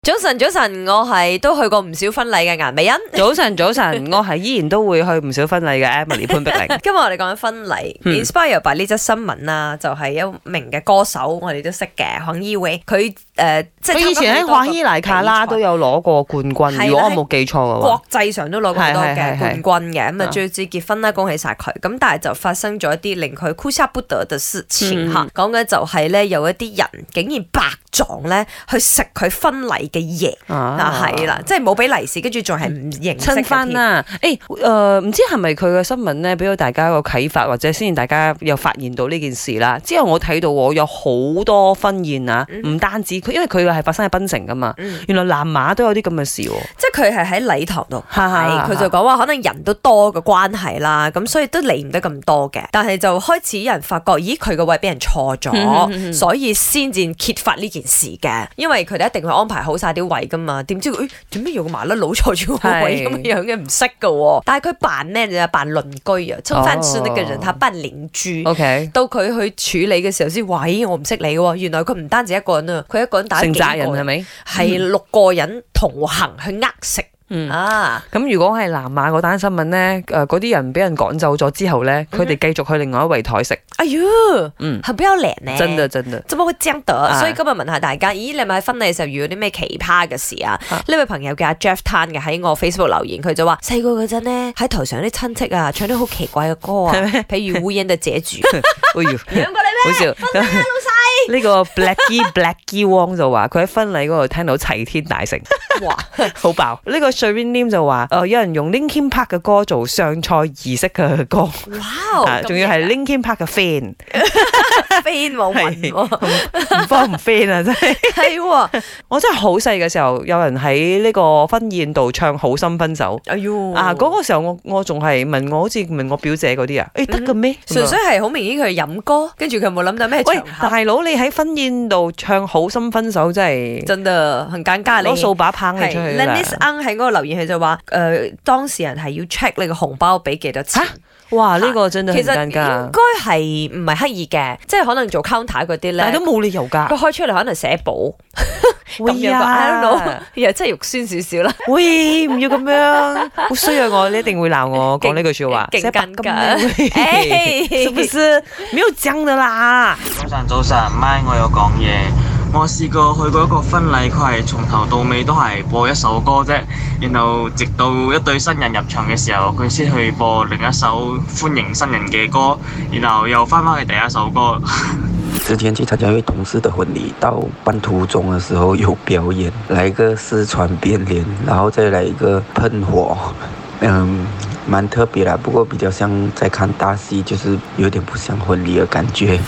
.早晨，早晨，我係都去過唔少婚禮嘅顏美欣。早晨，早晨，我係依然都會去唔少婚禮嘅 Emily 潘碧玲。今日我哋講緊婚禮，inspire by 呢則新聞啦，就係一名嘅歌手，我哋都識嘅，Kanye West。佢，誒，即係以前喺跨伊麗卡啦都有攞過冠軍，如果我冇記錯嘅話，國際上都攞過好多嘅冠軍嘅。咁啊，最至結婚啦，恭喜晒佢。咁但係就發生咗一啲令佢哭笑不得嘅事。前刻講嘅就係咧，有一啲人竟然白撞咧去食佢婚禮。嘅嘢嗱係啦，即係冇俾利是，跟住仲係唔認識翻啦。誒、啊，誒、欸，唔、呃、知係咪佢嘅新聞咧，俾到大家一個啟發，或者先至大家又發現到呢件事啦。之後我睇到我有好多婚宴啊，唔單止佢，因為佢嘅係發生喺檳城噶嘛。嗯、原來南馬都有啲咁嘅事喎、啊，即係佢係喺禮堂度，係佢就講話可能人都多嘅關係啦，咁所以都理唔得咁多嘅。但係就開始有人發覺，咦，佢個位俾人錯咗， 所以先至揭發呢件事嘅，因為佢哋一定會安排好。晒啲位噶嘛？點知誒？做、欸、咩？用個麻甩佬坐住個位咁是樣嘅？唔識噶，但係佢扮咩啫？扮鄰居啊，出翻村嘅人，哦、他扮鄰居。Okay 到佢去處理嘅時候先，喂、哎，我唔識你，原來佢唔單止一個人啊，佢一個人打個。成扎人係咪？係六個人同行去呃食。嗯嗯。嗯啊，咁如果係南馬嗰單新聞咧，誒，嗰啲人俾人趕走咗之後咧，佢哋繼續去另外一圍台食。哎喲，嗯，係比較靚咧。真的真的，做乜會驚得？所以今日問下大家，咦，你咪喺婚禮時候遇到啲咩奇葩嘅事啊？呢位朋友叫阿 Jeff Tan 嘅，喺我 Facebook 留言，佢就話細個嗰陣咧，喺台上啲親戚啊，唱啲好奇怪嘅歌啊，譬如烏蠅就遮住。哎喲，養過你咩？好笑，婚禮啊，老細。呢個 Blackie Blackie Wong 就話，佢喺婚禮嗰度聽到齊天大聖。哇，好爆！呢個瑞邊尼就話，誒，有人用 Linkin Park 嘅歌做上菜儀式嘅歌，哇，仲要係 Linkin Park 嘅 fan。飛冇問喎，唔方唔飛啊！真係，係我真係好細嘅時候，有人喺呢個婚宴度唱好心分手，哎喲啊！嗰、那個時候我我仲係問我，好似問我表姐嗰啲啊，誒得嘅咩？純、嗯、粹係好明顯佢係飲歌，跟住佢冇諗到咩？喂，大佬你喺婚宴度唱好心分手真係真得很更加攞掃把棒，你出去。Lenny Ang 喺嗰個留言佢就話，誒、呃、當事人係要 check 你個紅包俾幾多錢？哇！呢、呢個真係其實應該係唔係刻意嘅，即係可能做 counter 嗰啲咧，但係都冇理由㗎。佢開出嚟可能寫簿，咁樣啊老，know, 又真係肉酸少少啦。喂，唔要咁樣，好衰啊我，你一定會鬧我講呢幾句説話，勁緊㗎，係咪？沒唔要樣的啦。早晨，早晨，唔係我要講嘢。我試過去過一個婚禮，佢係從頭到尾都係播一首歌啫，然後直到一對新人入場嘅時候，佢先去播另一首歡迎新人嘅歌，然後又翻返去第一首歌。之前去參加一位同事嘅婚禮，到半途中嘅時候有表演，來一個四川變臉，然後再來一個噴火，嗯，蠻特別啦。不過比較像在看大戲，就是有點不像婚禮嘅感覺。